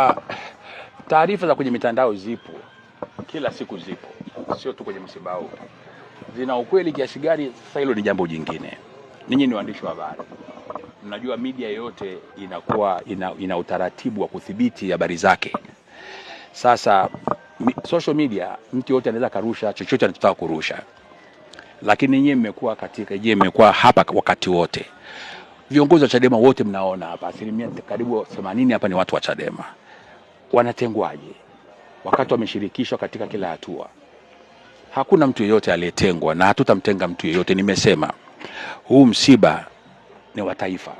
Ah, taarifa za kwenye mitandao zipo kila siku, zipo sio tu kwenye msiba Zina ukweli kiasi gani? Sasa hilo ni jambo jingine. Ninyi ni waandishi wa habari, mnajua media yote inakuwa ina, ina utaratibu wa kudhibiti habari zake. Sasa mi, social media mtu yote anaweza karusha chochote anachotaka kurusha, lakini ninyi mmekuwa katika je, mmekuwa hapa wakati wote, viongozi wa Chadema wote mnaona hapa, asilimia karibu 80 hapa ni watu wa Chadema wanatengwaje wakati wameshirikishwa katika kila hatua? Hakuna mtu yeyote aliyetengwa na hatutamtenga mtu yeyote. Nimesema huu msiba ni wa taifa.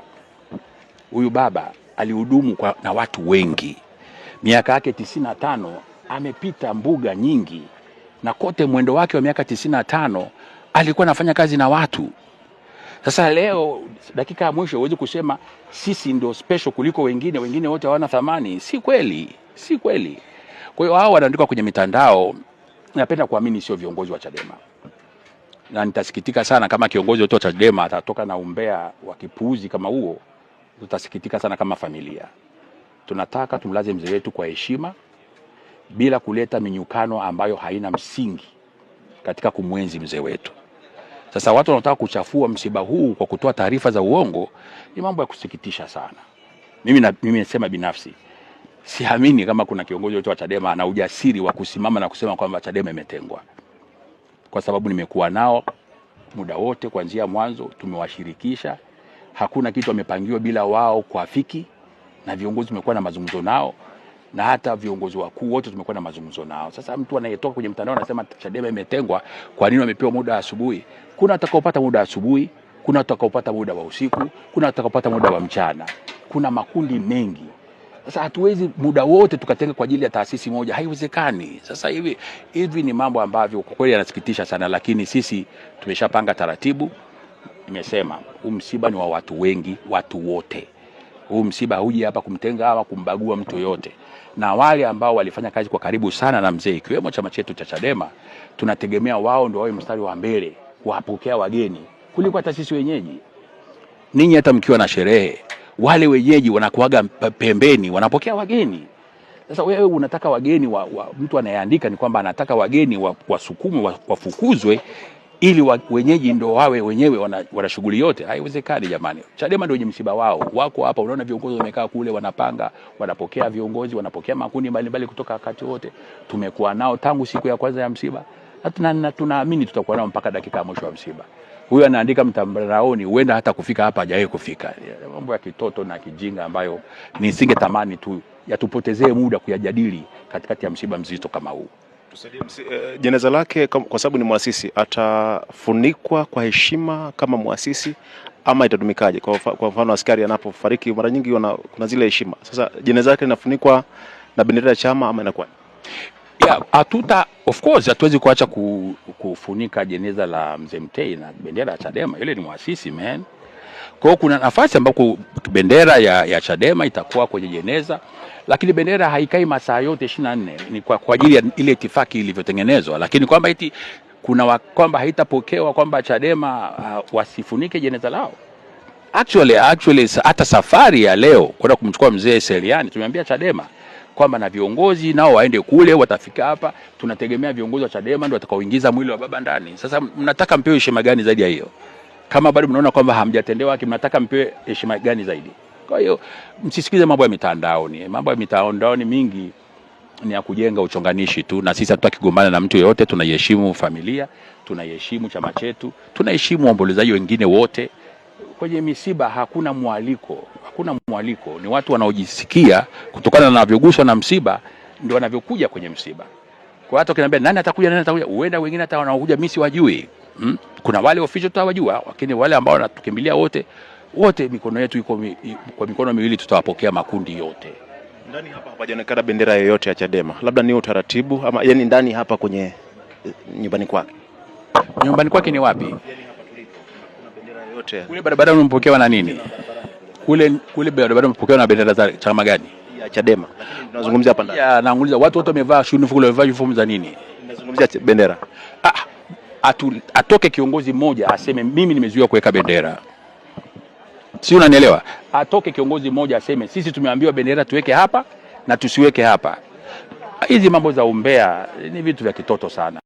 Huyu baba alihudumu kwa, na watu wengi miaka yake tisini na tano amepita mbuga nyingi na kote mwendo wake wa miaka tisini na tano alikuwa anafanya kazi na watu. Sasa leo dakika ya mwisho huwezi kusema sisi ndio special kuliko wengine, wengine wote hawana thamani. Si kweli, si kweli. Kwa hiyo hao wanaandika kwenye mitandao, napenda kuamini sio viongozi wa Chadema, na nitasikitika sana kama kiongozi wote wa Chadema atatoka na umbea wa kipuuzi kama huo. Tutasikitika sana kama familia. Tunataka tumlaze mzee wetu kwa heshima bila kuleta minyukano ambayo haina msingi katika kumwenzi mzee wetu. Sasa watu wanataka kuchafua msiba huu kwa kutoa taarifa za uongo, ni mambo ya kusikitisha sana. Mimi na, mimi nasema binafsi siamini kama kuna kiongozi yote wa Chadema ana ujasiri wa kusimama na kusema kwamba Chadema imetengwa, kwa sababu nimekuwa nao muda wote kuanzia mwanzo, tumewashirikisha. Hakuna kitu amepangiwa bila wao kuafiki, na viongozi wamekuwa na mazungumzo nao na hata viongozi wakuu wote tumekuwa na mazungumzo nao. Sasa mtu anayetoka kwenye mtandao anasema Chadema imetengwa, kwa nini wamepewa muda asubuhi? Kuna watakaopata muda asubuhi, kuna watakaopata muda wa usiku, kuna watakaopata muda wa mchana, kuna makundi mengi. Sasa hatuwezi muda wote tukatenga kwa ajili ya taasisi moja, haiwezekani. Sasa hivi hivi ni mambo ambavyo kwa kweli yanasikitisha sana, lakini sisi tumeshapanga taratibu. Nimesema huu msiba ni wa watu wengi, watu wote huu msiba huji hapa kumtenga ama kumbagua mtu yoyote, na wale ambao walifanya kazi kwa karibu sana na mzee, ikiwemo chama chetu cha Chadema, tunategemea wao ndio wawe mstari wa mbele kuwapokea wageni kuliko hata sisi wenyeji. Ninyi hata mkiwa na sherehe, wale wenyeji wanakuaga pembeni, wanapokea wageni. Sasa wewe unataka wageni wa, wa, mtu anayeandika ni kwamba anataka wageni wasukumwe wa, wafukuzwe wa ili wa, wenyeji ndo wawe wenyewe wana, wana shughuli yote. Haiwezekani jamani, Chadema ndio wenye msiba wao, wako hapa. Unaona viongozi wamekaa kule, wanapanga, wanapokea viongozi, wanapokea makundi mbalimbali kutoka wakati wote. Tumekuwa nao tangu siku ya kwanza ya msiba na tunaamini tutakuwa nao mpaka dakika ya mwisho wa msiba. Huyu anaandika mtandaoni, huenda hata kufika hapa hajawahi kufika. Mambo ya kitoto na kijinga ambayo nisingetamani tu yatupotezee muda kuyajadili katikati ya msiba mzito kama huu. Eh, jeneza lake kwa sababu ni mwasisi, atafunikwa kwa heshima kama mwasisi ama itatumikaje? Kwa, mfano askari anapofariki mara nyingi wana, kuna zile heshima. Sasa jeneza lake linafunikwa na bendera ya chama ama inakuwa yeah, atuta, of course hatuwezi kuacha kufunika jeneza la mzee Mtei na bendera ya Chadema. Yule ni mwasisi man. Kwa kuna nafasi ambapo bendera ya, ya Chadema itakuwa kwenye jeneza, lakini bendera haikai masaa yote 24 ni kwa, kwa ajili ya ile itifaki ilivyotengenezwa, lakini kwamba eti kuna kwamba haitapokewa kwamba Chadema uh, wasifunike jeneza lao actually actually, hata safari ya leo kwenda kumchukua mzee Seliani tumeambia Chadema kwamba na viongozi nao waende kule, watafika hapa. Tunategemea viongozi wa Chadema ndio watakaoingiza mwili wa baba ndani. Sasa mnataka mpewe heshima gani zaidi ya hiyo? kama bado mnaona kwamba hamjatendewa haki, mnataka mpewe heshima gani zaidi? Kwa hiyo msisikize mambo ya mitandaoni. Mambo ya mitandaoni mingi ni ya kujenga uchonganishi tu, na sisi hatutaki kugombana na mtu yeyote. Tunaiheshimu familia, tunaiheshimu chama chetu, tunaheshimu waombolezaji wengine wote. Kwenye misiba hakuna mwaliko, hakuna mwaliko. Ni watu wanaojisikia kutokana na wanavyoguswa na msiba ndio wanavyokuja kwenye msiba. Kwa hata ukiniambia nani atakuja, nani atakuja, huenda wengine hata wanaokuja mimi siwajui. Hmm? Kuna wale official tutawajua, lakini wale ambao wanatukimbilia wote wote, mikono yetu iko kwa mikono miwili tutawapokea makundi yote. Ndani hapa hapajaonekana bendera yoyote ya Chadema, labda ni utaratibu ama, yani ndani hapa kwenye eh, nyumbani kwake, nyumbani kwake ni wapi? Kule barabara umepokewa na nini? Kule kule barabara umepokewa na bendera za chama gani? Ya Chadema. Tunazungumzia hapa ndani. Ya naanguliza watu wote wamevaa uniform, wamevaa uniform za nini? Tunazungumzia bendera. Ah, atu, atoke kiongozi mmoja aseme mimi nimezuiwa kuweka bendera, si unanielewa? Atoke kiongozi mmoja aseme sisi tumeambiwa bendera tuweke hapa na tusiweke hapa. Hizi mambo za umbea ni vitu vya kitoto sana.